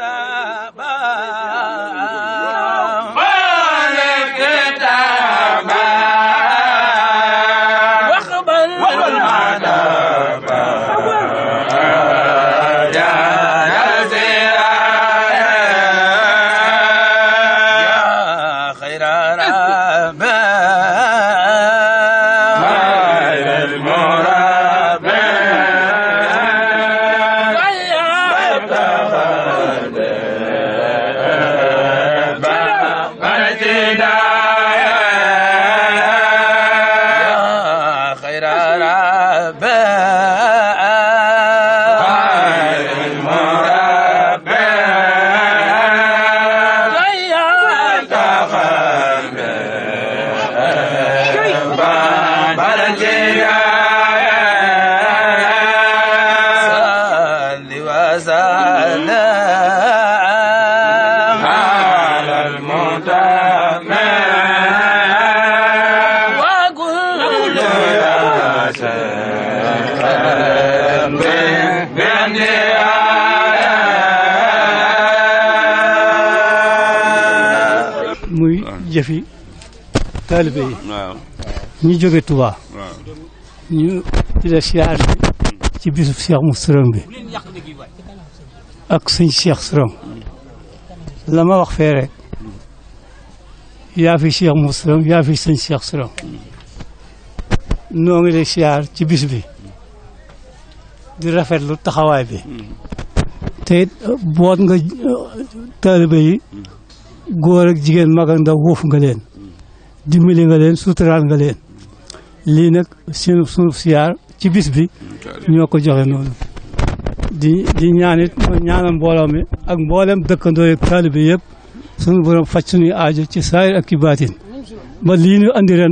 هذا taalibe yi. waaw ñu jóge Touba. ñu di siyaar ci bisu Cheikh mu Sërëm bi ak suñ Cheikh Sërëm lama ma wax fee rek yaa fi Cheikh mu Sërëm suñ Cheikh noo ngi lay siyaar ci bis bi di rafetlu taxawaay bi te it uh, boot nga uh, taalibe yi mm. góor ak jigéen mag ak ndaw nga leen. dimbali nga leen suturaal nga leen lii nag seen siyaar ci bis bi ñoo ko joxe noonu di ñaanit ñaanal mbooloo mi ak mboolem dëkkandoo yeeg taalibe yëpp sunu borom faj suñuy ci saayir ak ci baatin ba lii ñu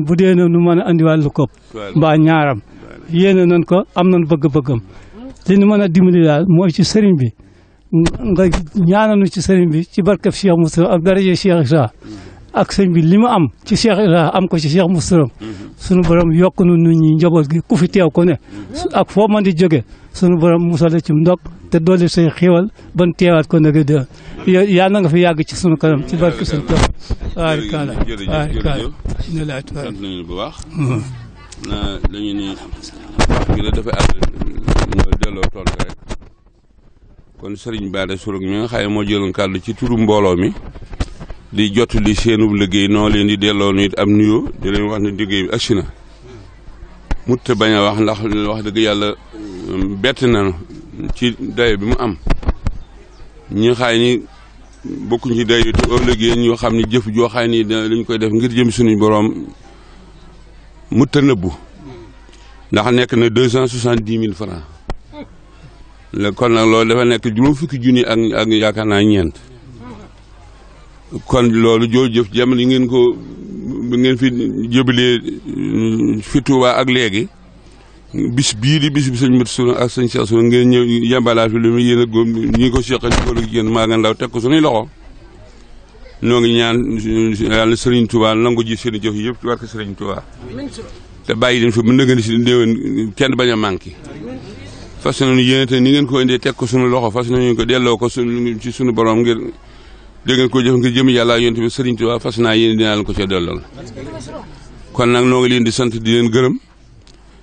bu dee na nu mën a andiwaat lu kopp ñaaram yéene nañ ko am nañ bëgg-bëggam li ñu mën a dimbali daal mooy ci sëriñ bi nga ñaananu ci sëriñ bi ci barkeb Cheikh Moussa ak daraje Cheikh Isa ak sëñ bi li mu am ci Cheikh am ko ci Cheikh Moustapha mhm. sunu borom yokk nu nu ñi njaboot gi ku fi teew ko ne mhm. ak foo man di jóge sunu borom musal ci ndog te doole say xéewal ban teewaat ko nag de yaa na nga fi yàgg ci sunu kanam ci barke baax na dañu ni nga delloo tool sëriñ Bara Sourang mi moo jëloon ci turu mbooloo mi li jot li seenub liggéey noo leen di delloo nit am nuyoo di leen wax ne liggéey bi na mutta bañ a wax ndax wax dëgg yàlla um, bett na ci dayo bi mu am ñi xaay ni bokkuñ ci dayo te ëllëgee ñoo xam ne jëf joo xaay ni luñ koy def ngir jëm suñu boroom mutta nëbbu ndax nekk na deux cent soixante dix mille francs la kon nag loolu dafa nekk juróom fukki junni ak yaakaar naa ñeent kon loolu jooju jëf jamono yi ngeen ko ngeen fi jëbalee euh, fi Tuubaa ak léegi bis bii di bis bi sëñ Mat Suna ak sëñ Cheikh Suna ngeen ñëw yembalaat fi lu mu yéen a góom ko seqal ci góor ak jigéen maa nga ndaw teg ko suñuy loxo noo ngi ñaan yàlla sëriñ Tuubaa nangu ji seen jëf yëpp war ko sëriñ Tuubaa bàyyi leen fi mën na ngeen si déwén kenn bañ a manqué fas nañu yéene te ni ngeen ko indee teg ko suñu loxo fas ko delloo ko ci suñu borom ngir da ko jëf nga jëm yàlla yonent bi sëriñ Tuubaa fas naa yéen dinaa leen ko ca dellool kon nag noo ngi leen di sant di leen gërëm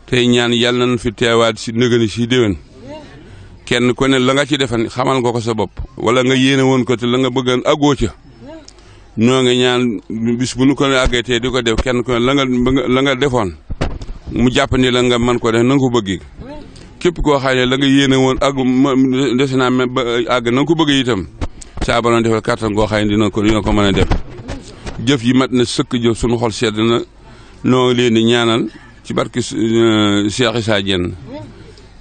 tey ñaan yàlla nañ fi teewaat si nëgëni si déwén kenn ku ne la nga ci defan xamal ko ko sa bopp wala nga yéene woon ko te la nga bëggoon àggoo ca ñoo ngi ñaan bis bu nu ko àggee tey di ko def kenn ku ne la nga la nga defoon mu jàpp ni la nga mën ko def na nga ko bëggee képp koo xaajee langa nga woon àgg dese naa ba àgg na ko bëggee itam saa ba doon defal kàttan goo xëy dina ko dina ko mën a def jëf yi mat na sëkk jëf suñu xol sedd na noo leen di ñaanal ci barke euh, Cheikh Issa Diène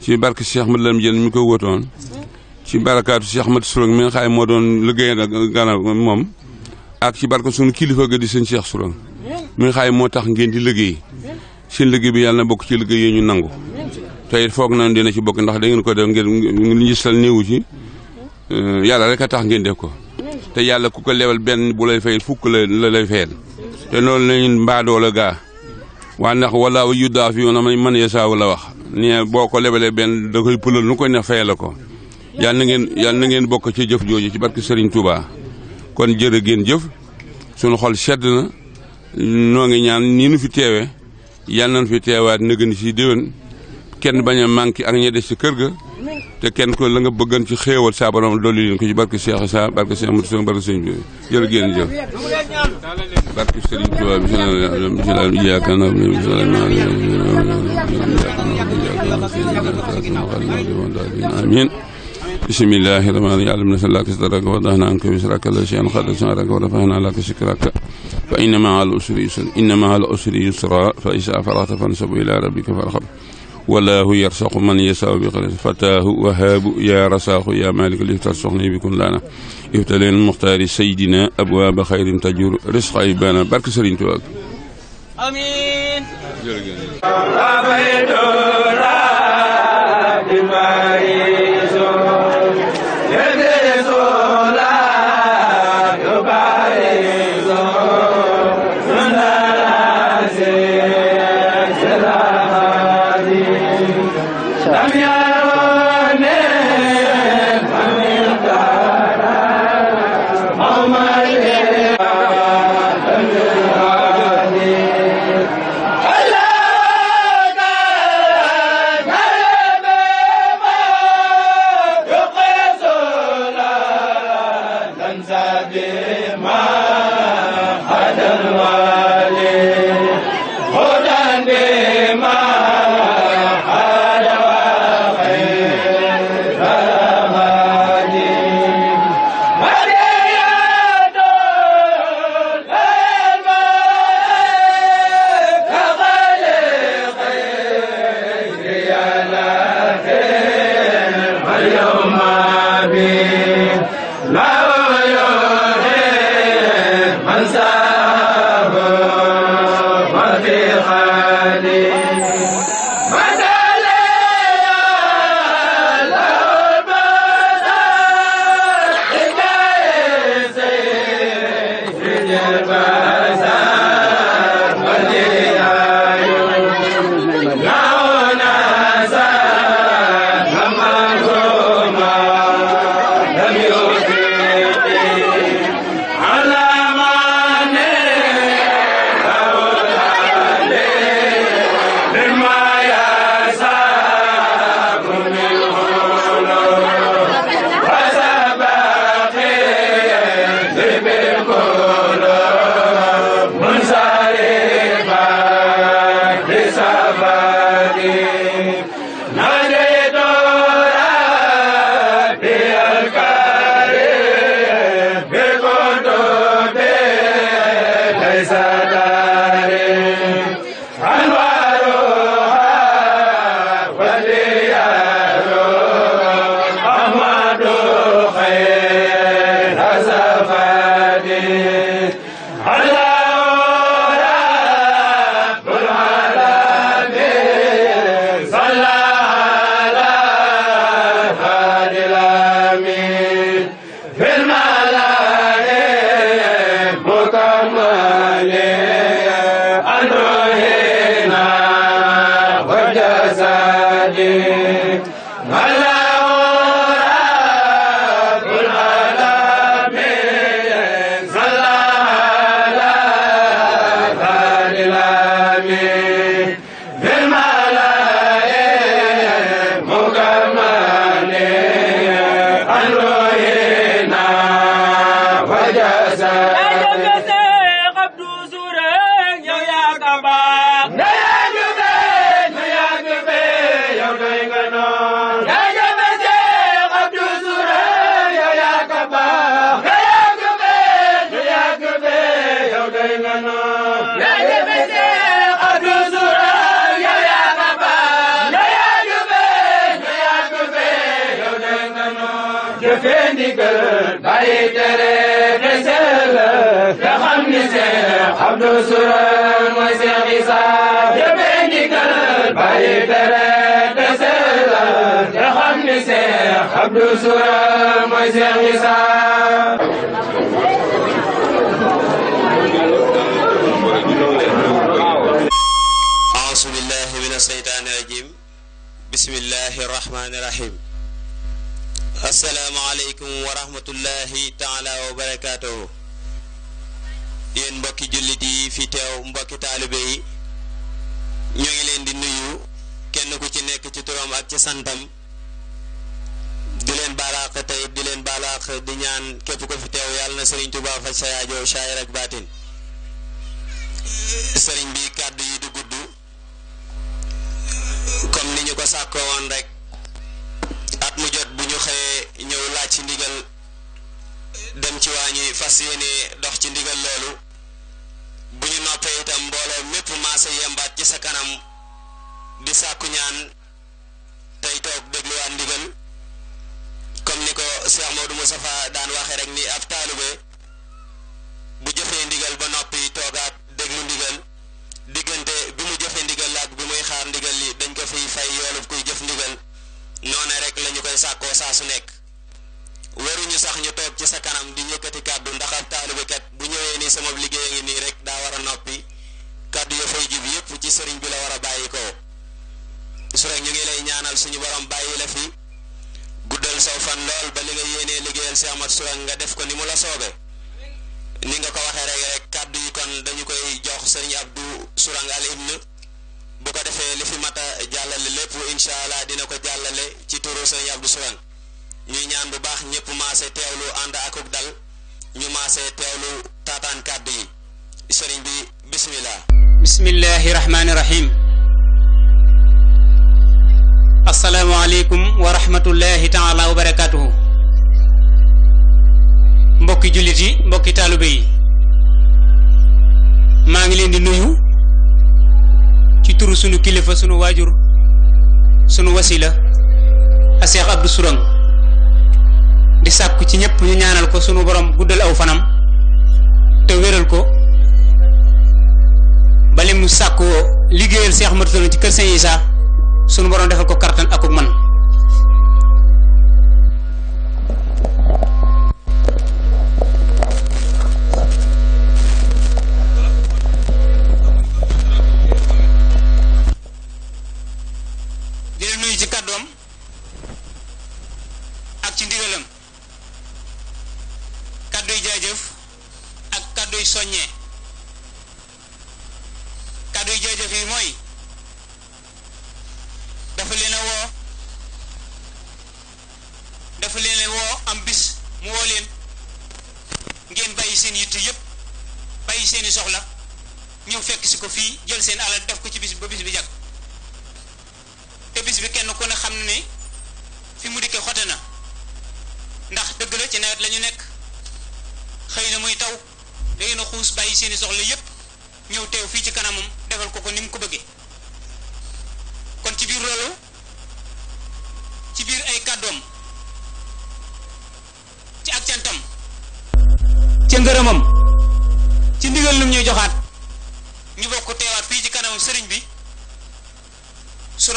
ci barke Cheikh Mat mu Diène mi ko wóotoon ci barakaatu Cheikh Mat Sourang mi xaay moo doon liggéeyal ak gana moom ak ci barke suñu kilifa ga di sëñ Cheikh Sourang mi nga xaay moo tax ngeen di liggéey seen liggéey bi yàlla na bokk ci liggéey yi ñu nangu te it foog nañ dina ci bokk ndax da ngeen ko def ngeen ngistal newu ci Euh, yàlla rek a tax ngeen def ko te yàlla ku ko lebal benn bu lay fayal fukk la lay fayal te noonu la ñuy mbaadoo la gaa waa ndax wala yuddaa fi na man yasaaw la wax ne boo ko lebalee benn da koy pëlal nu koy ne fayal ko yàlla na ngeen yàlla na ngeen bokk ci jëf jooju ci barke Serigne Touba kon jërë ngeen jëf sunu xol sedd na noo ngi ñaan nii nu fi teewe yàlla nañ fi teewaat nëgën si déwén kenn bañ a manqué ak ña des ci kër ga te kenn ko la nga bëggan ci xéewal saa borom dolli leen ko ci barke Cheikh Sa barke Cheikh Amadou Sow barke Sëñ bi jërë ngeen jëf barke Sëriñ Tuubaa bi salaam iyyaka na'budu wa salaam amin bismillahi rahmani rahim alimna salaka sadraka wa dahna anka wisraka la shay'an qadra sadraka wa rafa'na laka zikraka fa inna ma'a al-usri yusra inna ma'a al-usri yusra fa iza faragta fansab ila rabbika farghab walaahu yarsaxu man yasaau bi xale fataahu wahaabu yaa rasaaxu yaa maaliku liftar soxna bi kun laana iftaleen muxtaari saydina abwaaba xayrin tajur risqa ay baana barke Sëriñ Tuubaa عليك kër bàyyi tere te sell te xam ni Seex Abdu Suran mooy Seex Isa jëfe ndigal bàyyi tere te sell te xam ni Seex Abdu Suran mooy Seex Isa أعوذ بالله من الشيطان الرجيم بسم الله الرحمن الرحيم asalaamaaleykum wa rahmatullahi taala wa barakaatuhu yéen mbokki jullit yi fi teew mbokki taalibe yi ñu ngi leen di nuyu kenn ku ci nekk ci turam ak ci santam di leen baalaax tey di leen baalaax di ñaan képp ko fi teew yàlla na sëriñ Tuubaa faj sa aajo saayir baatin sëriñ bi kàddu yi du gudd comme ni ñu ko sàkkoo woon rek at mu jot ñu xëyee ñëw laaj ci ndigal dem ci waa ñi fas yéene dox ci ndigal loolu bu ñu noppee itam mbooloo mépp maase yembaat ci sa kanam di sàkku ñaan tey toog dégluwaat ndigal comme ni ko Cheikh Maodo Moustapha daan waxee rek nii ab taalibe bu jëfee ndigal ba noppi toogaat déglu ndigal diggante bi mu jëfee ndigal laak bi muy xaar ndigal li dañ ko fiy fay yoolub kuy jëf ndigal noone rek la ñu koy sàkkoo saa su nekk ñu sax ñu toog ci sa kanam di ñëkkati kàddu ndax ab taalibe kat bu ñëwee nii sama liggéey ngi nii rek daa war a noppi kàddu ya fay jub yépp ci sëriñ bi la war a bàyyi ko su ñu ngi lay ñaanal suñu borom bàyyi la fi guddal saw fan lool ba li nga yéenee liggéeyal si amat su nga def ko ni mu la soobee ni nga ko waxee rek rek kàddu yi kon dañu koy jox sëriñ Abdou Sourang al ibn bu ko defee li fi jàllale lépp incha allah dina ko jàllale ci turu sëñ Abdou Sourang ñuy ñaan bu baax ñëpp maase teewlu ànd akuk dal ñu maase teewlu taataan kàddu yi sëriñ bi bismillah bismillahi rahmaani rahim asalaamaaleykum wa rahmatullahi taala wa mbokki jullit yi mbokki taalibe yi maa ngi leen di nuyu turu sunu kilifa sunu waajur sunu wasila a Seex Abdu Surang di sàkku ci ñëpp ñu ñaanal ko sunu borom guddal aw fanam te wéral ko bali mu sàkku liggéeyal Seex Murtala ci kër Sëñ Isaa sunu borom defal ko kartan akuk man ci ndigalam kàdduy jaajëf ak kàdduy soññee kàdduy jaajëf yi mooy dafa leen a woo dafa leen a woo am bis mu woo leen ngeen bàyyi seen yitt yëpp bàyyi seeni soxla ñëw fekk si ko fii jël seen alal def ko ci bis ba bis bi jàkk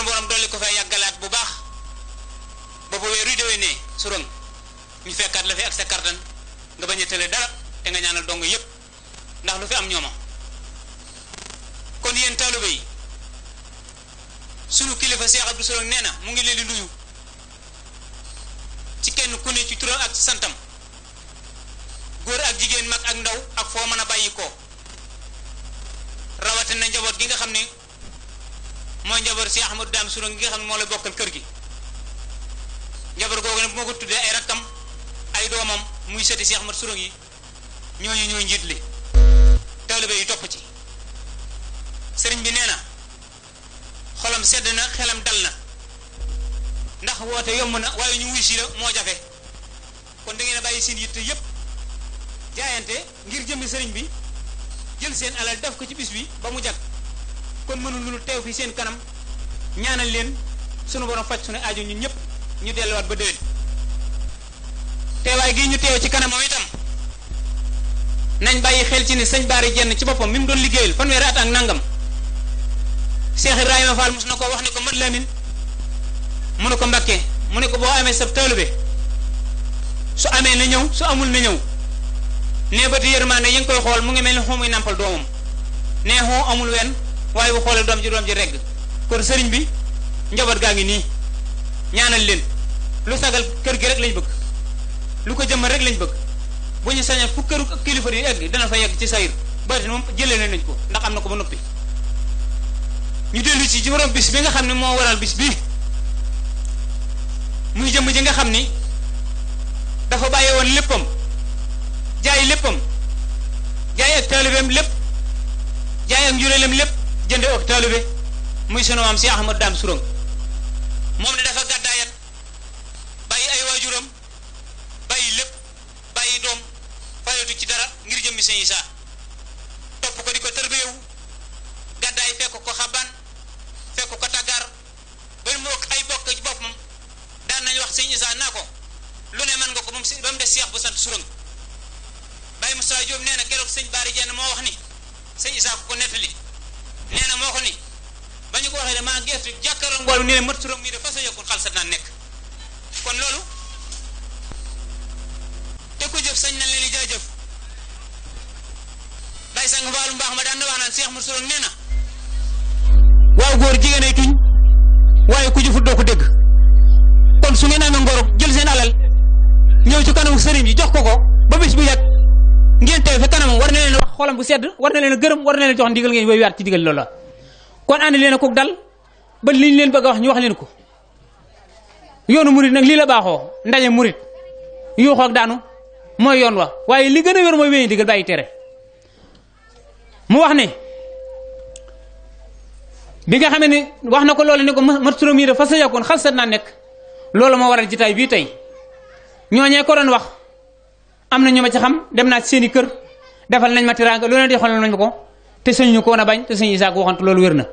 borom dolli ko fay yàggalaat bu baax ba bu weeru déwénee su rëng ñu fekkaat la fi ak sa kartan nga bañ a tële dara te nga ñaanal dong yëpp ndax lu fi am ñooma kon yéen taalibe yi sunu kilifa Cheikh Abdou Soro nee na mu ngi leen di nuyu ci kenn ku ne ci turam ak santam góor ak jigéen mag ak ndaw ak foo mën a bàyyi ko rawatina njaboot gi nga xam ne. mooy njaboot si Ahmadou Dame Sourang gi nga xam ne moo la bokkal kër gi njaboot googu nag bu ma ko tuddee ay rakkam ay doomam muy sëti si Ahmadou Sourang yi ñooñu ñooy njiit li taalibe yi topp ci sëriñ bi nee na xolam sedd na xelam dal na ndax woote yomb na waaye ñu wuy si moo jafe kon da ngeen a bàyyi seen yitte yépp jaayante ngir jëmmi sëriñ bi jël seen alal def ko ci bis bi ba mu jag kon mënul lu teew fi seen kanam ñaanal leen sunu borom faj sunu aajo ñun ñëpp ñu delluwaat ba déwén teewaay gii ñu teew ci kanamam itam nañ bàyyi xel ci ni sañ Baari Jenn ci boppam mi mu doon liggéeyal fanweeri at ak nangam Cheikh Ibrahima Fall mos na ko wax ne ko mët Lamin mu ne ko Mbàkke mu ne ko boo amee sab taalibe su amee na ñëw su amul na ñëw nee ba di yërmaande yi nga koy xool mu ngi mel ni xaw muy nàmpal doomam nee amul wenn waaye bu xoolee doom ji doom ji regg kon sëriñ bi njaboot gaa ngi nii ñaanal leen lu sagal kër gi rek lañ bëgg lu ko jëmmal rek lañ bëgg bu ñu sañal fu këru kilifa yi egg dana fa yegg ci sayir baatin moom jëlee nañ ko ndax am na ko ba noppi ñu dellu ci juróom bis bi nga xam ne moo waral bis bi muy jëmm ji nga xam ni dafa bàyyi woon léppam jaay léppam jaay ak taalibeem lépp jaay ak njureelem lépp jënde ak taalibe muy sunu maam si Ahmad Daam Surang moom ne dafa kanamam war na leen wax xolam bu sedd war na leen gërëm war na leen jox ndigal ngeen wéy waat ci digal loola kon ànd leen ko dal ba liñ leen bëgg a wax ñu wax leen ko yoonu murit nag lii baaxoo ndaje murit yuuxoo mooy yoon wa waaye li gën a yor mooy wéy ndigal bàyyi tere mu wax ne bi nga xamee ne wax na ko loolu ne ko matsuram yi fa sa yokkoon xal sat naa nekk loolu moo waral jitaay bii tey ñooñee ko doon wax am na ñu ma ci xam dem naa ci seeni kër defal nañ ma teraanga lu ne di xoolal nañ ma ko te sëñ ñu ko a bañ te sëñ Isaac waxante loolu wér na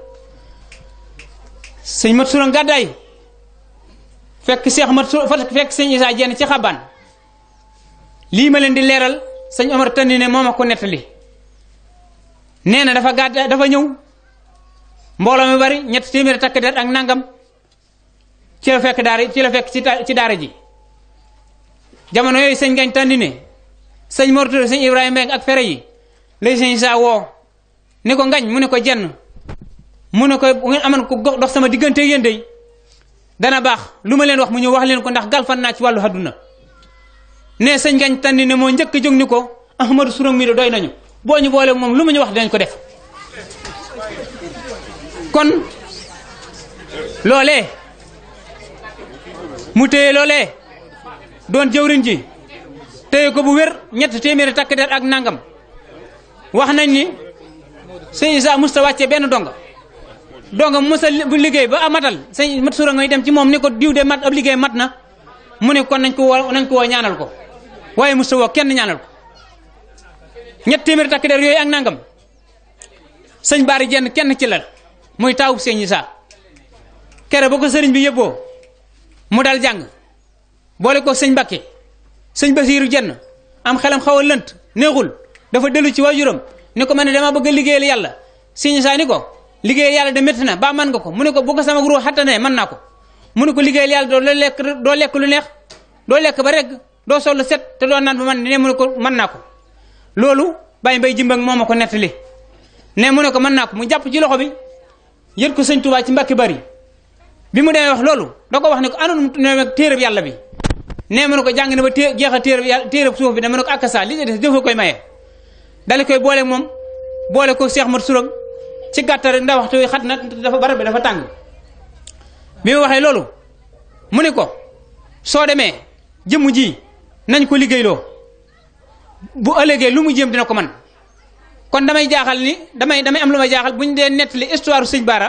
sëñ Mat Sura gàddaay fekk Seex Mat Sura fekk sëñ Isaac jenn ci xabaan lii ma leen di leeral sëñ Omar Tandi ne moom a ko nettali nee na dafa gàddaay dafa ñëw mbooloo mi bari ñett téeméeri takk der ak nangam ci la fekk daara ci la fekk ci daara ji jamono yooyu sëñ Gañ Tandi sëñ Mortala sëñ Ibrahima Mbengue ak fere yi lay sëñ saa woo ni ko ngañ mu ne ko jenn mu ne ko ngeen aman ko dox sama diggante yéen de dana baax lu ma leen wax mu ñëw wax leen ko ndax galfan naa ci wàllu àdduna ne sëñ ngañ tànni ne moo njëkk jóg ni ko Ahmadou Sourang mi de doy nañu boo ñu boole moom lu mu ñu wax dinañ ko def kon loolee mu téye loolee doon jëwriñ ji téye ko bu wér ñett téeméeri takk ak nangam wax nañ ni sëñ Issa musta wàcce benn donga donga mu musa bu liggéey ba amatal sëñ mat sura ngay dem ci moom ni ko diw de mat ab liggéey mat na mu ne nañ ko woo nañ ko woo ñaanal ko waaye musta woo kenn ñaanal ko ñetti téeméeri takk yooyu ak nangam sëñ Baari jenn kenn ci lal muy taawub sëñ Issa kere ba ko sëriñ bi yëppoo mu dal jàng boole ko sëñ Mbàkke sëñ ba siiru jenn am xelam xaw a lënt neexul dafa dellu ci waajuram ni ko man ne damaa bëgg a yàlla sëñ saa ni ko liggéeyal yàlla de métti na baa man nga ko mu ne ko bu ko sama ruux xattanee mën naa ko mu ne ko liggéeyal yàlla doo lekk doo lekk lu neex doo lekk ba rek doo sol set te doo naan ba man ne mu ne ko man naa ko loolu bay mbay jimbang moo ma ko li ne mu ne ko mën naa ko mu jàpp ji loxo bi yër ko sëñ Tuubaa ci mbakki bari bi mu demee wax loolu da ko wax ne ko andoon mu téereb yàlla bi nee ma ko jàng na ba té jeex a téere yàlla suuf bi ne ma ne ko akasa li nga des boole moom boole ko Cheikh Mat Surang ci gàttal rek xat na dafa barab bi dafa tàng bi mu waxee mu ne ko soo demee jëmm ji nañ ko liggéeyloo bu ëllëgee lu mu jëm dina ko man kon damay jaaxal ni damay damay am lu ma jaaxal bu ñu dee nett li histoire sëñ Baara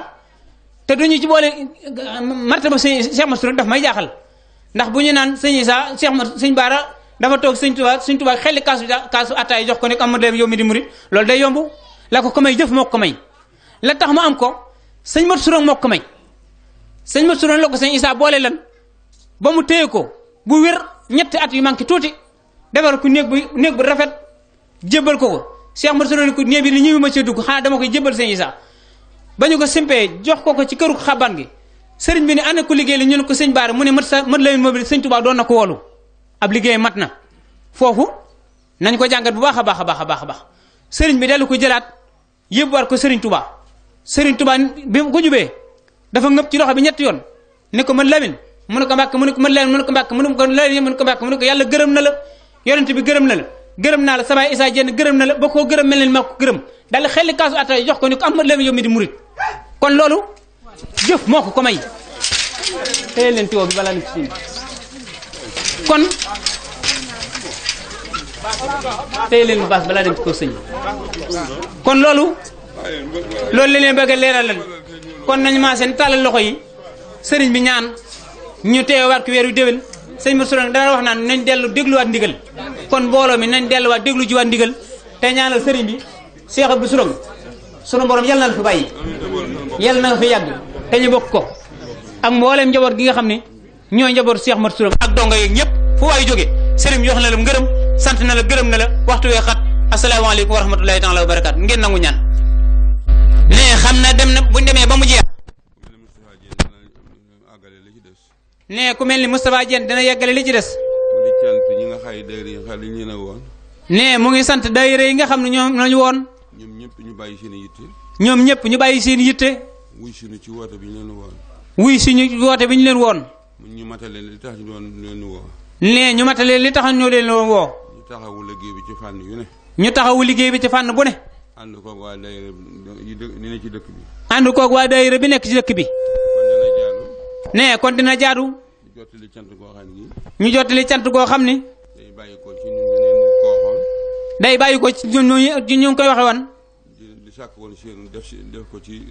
te duñu ci boole martaba sëñ Cheikh Mat Surang daf may jaaxal ndax bu ñu naan sëñ Issa Cheikh sëñ Baara dafa toog sëñ Tuubaa sëñ Tuubaa xelli kaasu kaasu attaay jox ko nekk am dem yow mi di murit loolu day yomb la ko ko may jëf moo ko la tax mu am ko sëñ Mat Suran moo ko may sëñ Mat Suran la ko sëñ boole lan ba mu téye ko bu wér ñetti at yu manqué tuuti defar ko néeg bu néeg bu rafet jébbal ko ko Cheikh Mat Suran ko néeg bi ni ma cee dugg xanaa dama koy jébbal sëñ Issa ba ñu ko simpee jox ko ko ci këru xaban gi sëriñ bi ne ana ko liggéey li ñu ne ko sëñ Baara mu ne mat sa mat Lamine Mobile sëñ doon na ko wolu ab liggéey mat na foofu nañ ko jàngat bu baax a baax a baax a baax a baax sëriñ bi dellu ko jëlaat yëpp war ko sëriñ tubaa sëriñ Touba bi ko jubee dafa ngëpp ci loxo bi ñetti yoon ne ko man Lamine mu ne ko mbàkk mu ko man Lamine mu ne ko mbàkk mu ko Lamine yàlla gërëm na la yonent bi gërëm na la gërëm naa la sabaay isa jenn gërëm na la ba koo gërëm mel ne maa ko gërëm daal xelli kaasu attaay jox ko ni ko am ma Lamine yow mi di jëf moo ko ko may teyal leen tiwo bi balaa nit si kon tey leen bu baax balaa dem ci kaw sëñ kon loolu loolu la leen bëgg a leeralal kon nañu maa seen tàllal loxo yi sëriñ bi ñaan ñu teewaat ko weer yu déwén sëñ bi suran dana wax naan nañ dellu dégluwaat ndigal kon mbooloo mi nañ delluwaat déglu jiwaat ndigal te ñaanal sëriñ bi seexab bu suran sunu borom yal na la fi bàyyi yal na nga fi yàgg te ñu bokk ko ak mbooleem njaboot gi nga xam ne ñoo njaboot Cheikh Mat Sourang ak donga yeeg ñëpp fu waay jóge sëriñ bi wax na la ngërëm sant na la gërëm na la waxtu wee xat asalaamaaleykum wa rahmatulahi taala wa barakaatu ngeen na nangu ñaan ne xam na dem na buñ demee ba mu jeex ne ku mel ni Moustapha Diène dana yeggale li ci des ne mu ngi sant daayira yi nga xam ne ñoom lañu woon ñoom ñëpp ñu bàyyi seen yitte. ñoom ñëpp ñu bàyyi seen yitte. wuy si ci woote bi ñu leen woon. wuy si ñu woote bi ñu leen woon. ñu matale li tax ñu doon woo. nee ñu matale li tax ñoo leen doon woo. ñu taxawu liggéey bi ci fànn yu ne. ñu taxawu liggéey bi ci fànn bu ne. ànd koog waa daayira yi ne ci dëkk bi. ànd koog waa daayira bi nekk ci dëkk bi. nee kon dina jaadu. ñu jottali cant goo xam ni. ñu jottali cant goo xam ni. day bàyyi ko ci ñun ñu day bàyyi ko ci ñun ñu ngi koy waxe woon. di sàkk woon si yéen def si def ko ci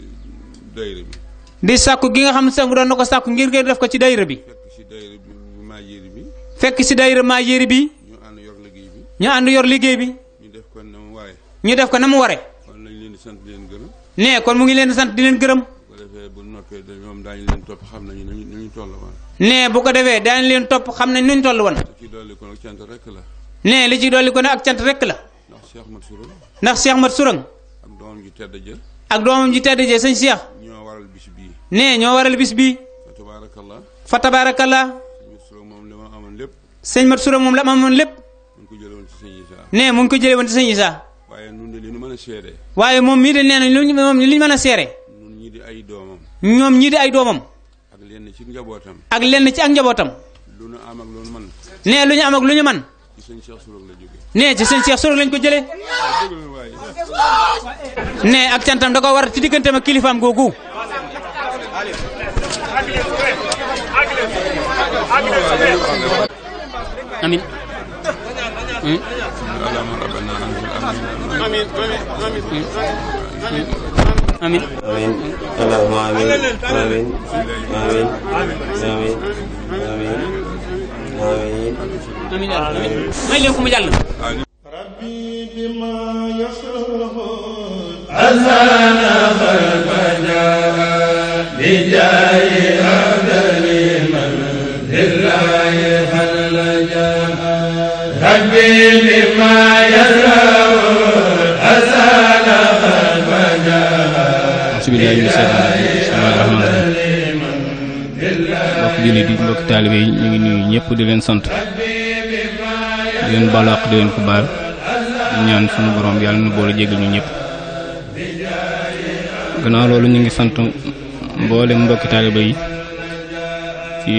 daayira bi. di sàkku gi nga xam ne sax doon na ko sàkk ngir ngeen def ko ci dayre bi. fekk si daayira bi. fekk si daayira maajéeri bi. ñu ànd yor liggéey bi. ñu ànd yor liggéey bi. ñu def ko na mu waree. ñu def ko na mu waree. kon nañ leen di sant leen gërëm. nee kon mu ngi leen di sant di leen gërëm. nee bu ko defee bu noppee daañu leen topp xam nañu nu ñu toll woon. nee bu ko defee daañu leen topp xam nañ nu ñu toll woon. te ci dolli ko nag rek la. nee li ci dolli ko ne ak cant rek la. ndax Cheikh Mat Sourang. ndax Cheikh Mat Sourang. ak doomam ji tedd jë. ak doomam ji tedd jë sëñ Cheikh. ñoo waral bis bii. nee ñoo waral bis bii. fa tabaarakallaa. fa tabaarakallaa. sëñ Mat Sourang moom la ma amoon lépp. mu ngi ko jëlee woon ci sëñ Issa. nee mu ngi ko jëlee woon ci sëñ Issa. waaye ñun de li ñu mën a seere. moom mii de na lu ñu moom li ñu mën a seere. ñun ñii di ay doomam. ñoom ñii di ay doomam. ak lenn ci njabootam. ak lenn ci njabootam. lu ñu am ak lu ñu mën. nee lu ñu am lu ñu mën nee ci sëñ Cheikh Sourang lañ ko jëlee nee ak cantam da ko ci digganteem ak kilifaam googu. amin amin amin amin amin amin آمين آمين ما لكم جل ربي بما يصلحون أزال فالفجاء بجاه أبدل من لله خلجاء ربي بما يصلحون أزال فالفجاء بسم الله الرحمن الرحيم mbokki jullit yi mbokki taalibe yi ñu ngi nuyu ñëpp di leen sant di leen balaax di leen ko baal ñaan sunu borom yàlla na boole jégal ñu ñëpp. gannaaw loolu ñu ngi sant mboole mbokki taalibe yi ci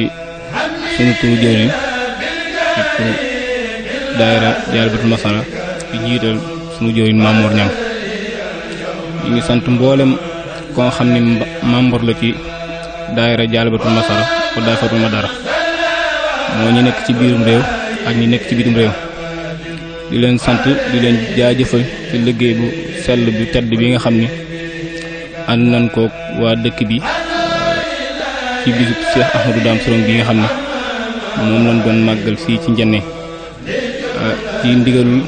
sunu turu jëriñ ak turu daayira Dialibatoul Masala ci jiital sunu jëriñ Mamour Niang ñu ngi sant mboole koo xam ne membre la ci. daayira jaalibatul masara wa daafatul madara moo ñu nekk ci biirum réew ak ñi nekk ci biirum réew di leen sant di leen jaajëfal ci liggéey bu sell bu tedd bi nga xam ni ànd nañ ko waa dëkk bi ci bisub Cheikh Ahmadou Dame Sorong bi nga xam ne moom lañ doon màggal fii ci njenne ci ndigalul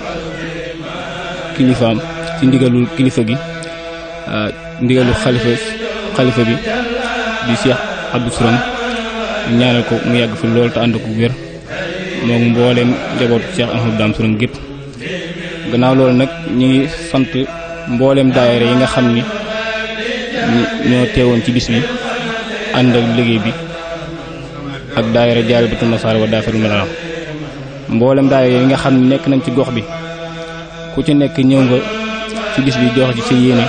kilifaam ci ndigalul kilifa gi ndigalul xalifa xalifa bi di Cheikh Abdou Sourang ñaanal ko mu yàgg fi lool te ànd ko wér moom mbooleem njabootu Cheikh Ahmadou Dame Sourang gépp gannaaw loolu nag ñu ngi sant mboolem daayira yi nga xam ni ñoo teewoon ci bis bi ànd ak liggéey bi ak daayira Jaalibatul Nasaara wa Daafirul Maraaxib mboolem daayira yi nga xam nekk nañ ci gox bi ku ci nekk ñëw nga ci bis bi joxe ci sa yéene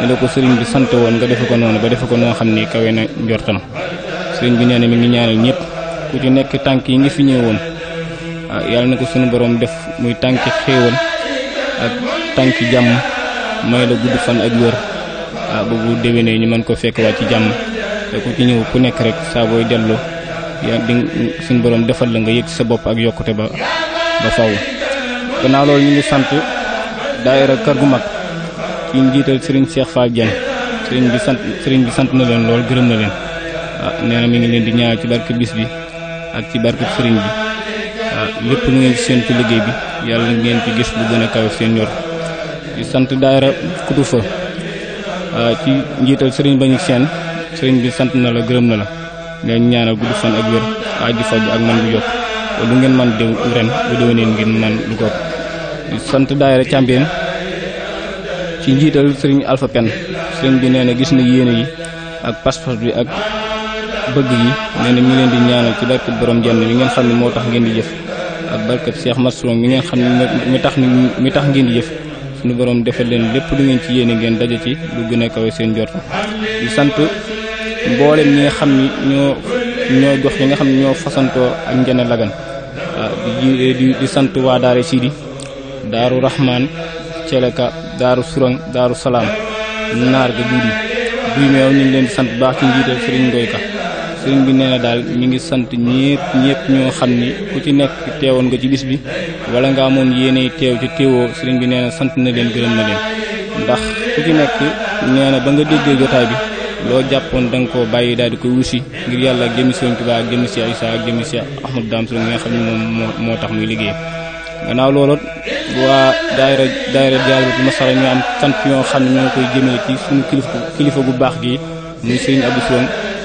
ne la ko sëriñ bi sant woon nga defe ko noonu ba defe ko noo xam ni kawe na njortam sëriñ bi nee na mi ngi ñaanal ñëpp ku ci nekk tànk yi ngi fi ñëwoon ah, yàlla na ko sunu boroom def muy tànki xéewal ak tànki jàmm may la gudd fan ak wér ah bu bu déwénee ñu man ko fekk waa ci jàmm te ku ci ñëw ku nekk rek saa booy dellu yaa di suñu borom defal la nga yëg sa bopp ak yokkute ba ba faw gannaaw loolu ñu ngi sant daayira kër gu mag ci njiital sëriñ Cheikh Fall Diagne sëriñ bi sant sëriñ bi sant na leen lool gërëm na leen waaw ah, nee na mi ngi leen di ñaanal ci barke bis bi ak ci barke sëriñ bi waaw ah, lépp lu ngeen ci seen ci liggéey bi yàlla ngeen ci gis bu gën a kawe seen yor di sant daara Kutufa ah, ci njiital sëriñ Bañu Seen sëriñ bi sant na la gërëm na la ngeen ñaanal gudd fan ak wér aji faj ak man bu yokk lu ngeen man déw ren bu déwéneen ngeen man lu ko sant daayira Cambeen ci njiital sëriñ Alpha Pen sëriñ bi nee na gis na yéene yi ak pas-pas bi ak bëgg yi nee na ñu leen di ñaanal ci barkeb borom jenn mi ngeen xam ne moo tax ngeen di jëf ak barkeb Cheikh Massour mi ngeen xam ne mi tax mi tax ngeen di jëf suñu borom defal leen lépp lu ngeen ci yéene ngeen daja ci lu gën kawe seen jot di sant mboolem ñi nga xam ni ñoo ñoo jox yi nga xam ne ñoo fasantoo ak njëne lagan waaw di sant waa daara Sidi daaru Rahman Thieleka daaru suran daaru salaam naar ga duudi buy meew ñu leen di sant baax ci njiital sëriñ Ngoy Ka sëriñ bi nee na daal mi ngi sant ñépp ñépp ñoo xam ni ku ci nekk teewoon nga ci bis bi wala nga amoon yéenay teew ci teewoo sëriñ bi nee na sant na leen gërëm na leen ndax ku ci nekk nee ba nga déggee jotaay bi loo jàppoon da nga koo bàyyi daal di koy wusi ngir yàlla ak jëmi sëriñ Tuubaa ak jëmi si Isaa ak jëmi si Ahmadu Daam sëriñ nga xam ne moom moo tax muy liggéey gannaaw loolu waa daayira daayira Jaalibatul Masala ñu am sant yoo xam ne ñoo koy jëmale ci suñu kilifa gu baax gi muy Serigne Abdou Sow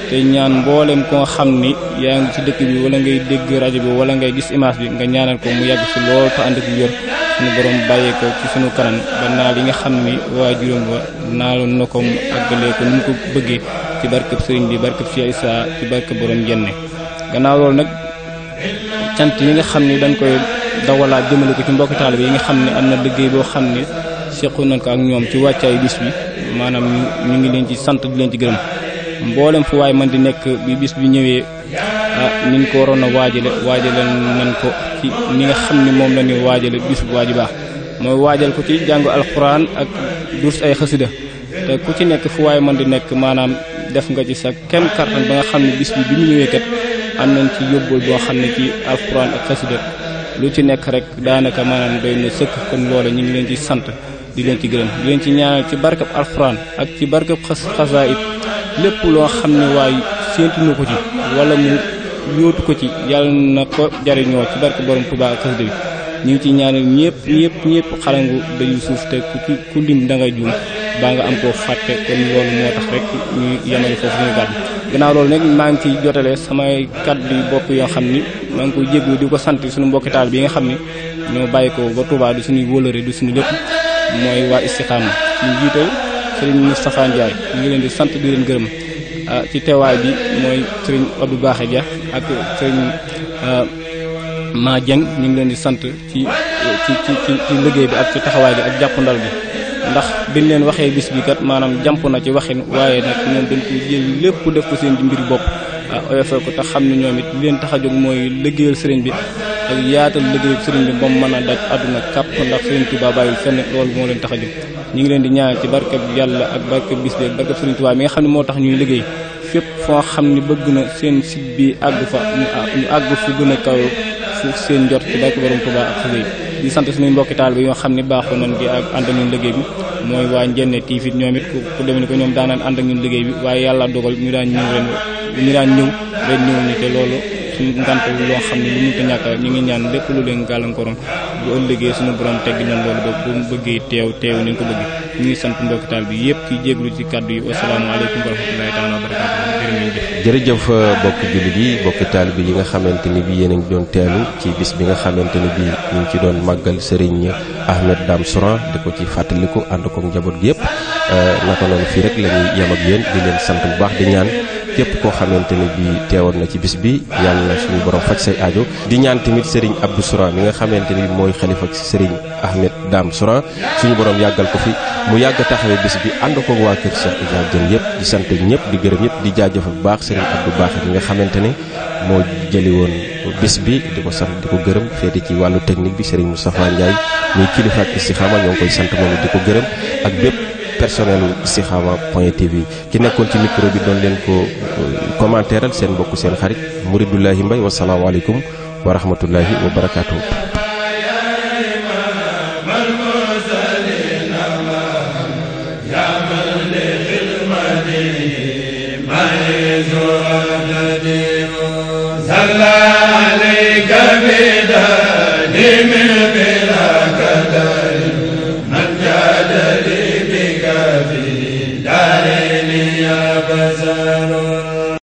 te ñaan mboolem koo xam ni yaa ngi ci dëkk bi wala ngay dégg rajo bi wala ngay gis image bi nga ñaanal ko mu yàgg ci lool te ànd ak wér suñu borom bàyyee ko ci suñu kanam ba naa li nga xam ni waa juróom wa naaloon na ko mu àggalee ko ni mu ko bëggee ci barkab sëriñ bi barkab Cheikh Issa ci barkab borom jenne gannaaw dawalaat jëmale ko ci mbokki taalibe yi nga xam ne am na liggéey boo xam ne sequ nañ ko ak ñoom ci wàccaayu bis bi maanaam ñu ngi leen ci sant di leen ci gërëm mboolem fu waaye man di nekk bi bis bi ñëwee ah niñ ko waroon a waajale waajale nañ ko ci ñi nga xam ni moom la ñuy waajale bis bu ji baax mooy waajal ko ci jàngu alxuraan ak durs ay xasida te ku ci nekk fu waaye man di nekk maanaam def nga ci sa kem kartan ba nga xam ne bis bi bi mu ñëwee kat am nañ ci yóbbul boo xam ne ci alxuraan ak xasida lu ci nekk rek daanaka maanaam doy na sëkk kon loola ñu ngi leen ci sant di leen ci gërëm di leen ci ñaanal ci barkab alxuraan ak ci barkab xas xasaayit lépp loo xam ne waaye séentu ko ci wala mu yóotu ko ci yàlla na ko jariñoo ci barke borom Tuubaa ak xasida bi ñu ngi ci ñaanal ñëpp ñëpp ñëpp xalangu dañu suuf te ku ku lim da nga juum baa nga am koo fàtte kon loolu moo tax rek ñu yemale foofu ñu gàddu ginnaaw loolu nag maa ngi ciy jotale samay kàddu bokk yoo xam ni maa ngi koy jéglu di ko sant suñu mbokki taal bi nga xam ne ñoo bàyyi ko ba Touba di suñuy wólëre di suñu lépp mooy waa Istikhama suñu jiital Serigne Moustapha Ndiaye ñu ngi leen di sant di leen gërëm ah, ci teewaay bi mooy Serigne Abdou Baaxe ja ak Serigne ah, Ma Dieng ñu ngi leen di sant ci ci ci ci liggéey bi ak ci taxawaay bi ak jàppandal bi ndax biñ leen waxee bis kat maanaam jàmp na ci waxin waaye nag ñoom dañ ko lépp def ko seen mbiri bopp oyofee ko xam ne ñoom it li leen tax a jóg mooy liggéeyal sëriñ bi ak yaatal liggéeyal sëriñ bi moom mën a daj àdduna kàpp ndax sëriñ Tuubaa bàyyil fenn loolu moo leen tax a jóg ñu ngi leen di ñaar ci barkeb yàlla ak barkeb bis bi ak barkeb sëriñ Tuubaa mi nga xam ne moo tax ñuy liggéey fépp foo xam ne bëgg na seen site bi àgg fa ñu àgg fu a kaw fu seen jot ci barke borom Tuubaa li sant suñuy mbokki taalibe yoo xam ne baaxoo nañ di ak ànd ak ñun liggéey bi mooy waa Ndiéné TV ñoom it ku demee ni ko ñoom daan naan ànd ak ñun liggéey bi waaye yàlla dogal ñu daan ñëw ren ñu daan ñëw ren ñëw ni te loolu suñu ngant loo xam ne lu ngi ñaan lépp lu leen gàllankooroon bu ëllëgee suñu borom tegg ñoom loolu ba bëggee teew teew nañ ngi sant mbokki bi yëpp ki jéeglu ci kàddu yi jërëjëf euh, bokki julli bi bokki taal bi yi nga xamante ni bi yéen a ngi doon teelu ci bis bi nga xamante ni bi ñu ngi ci doon màggal Serigne Ahmed Dame Souran di ko ci fàttaliku ànd kook njaboot gi yëpp euh, naka noonu fii rek la ñuy yem di leen sant bu baax di ñaan képp koo xamante ni bi teewoon na ci bis bi yàlla suñu borom faj say aajo di ñaan tamit Serigne Abdou Souran mi nga xamante ni mooy xalifa Serigne Ahmed daam Souran suñu boroom yàggal ko fi mu yàgg taxawee bis bi ànd ko waa kër Cheikh Issa Diène yëpp di sant bi ñëpp di gërëm ñëpp di jaajëfal bu baax Serigne Abdou Baaxe bi nga xamante ne moo jëli woon bis bi di ko sant di ko gërëm féete ci wàllu technique bi Serigne Moustapha Ndiaye muy kilifa ak istixaama ñoo ngi koy sant moom di ko gërëm ak bépp personnel u Istikhama point tv ki nekkoon ci micro bi doon leen ko euh, commentéral seen mbokk seen xarit Muridullahi Mbay wasalaamaaleykum wa rahmatullahi wa barakaatu.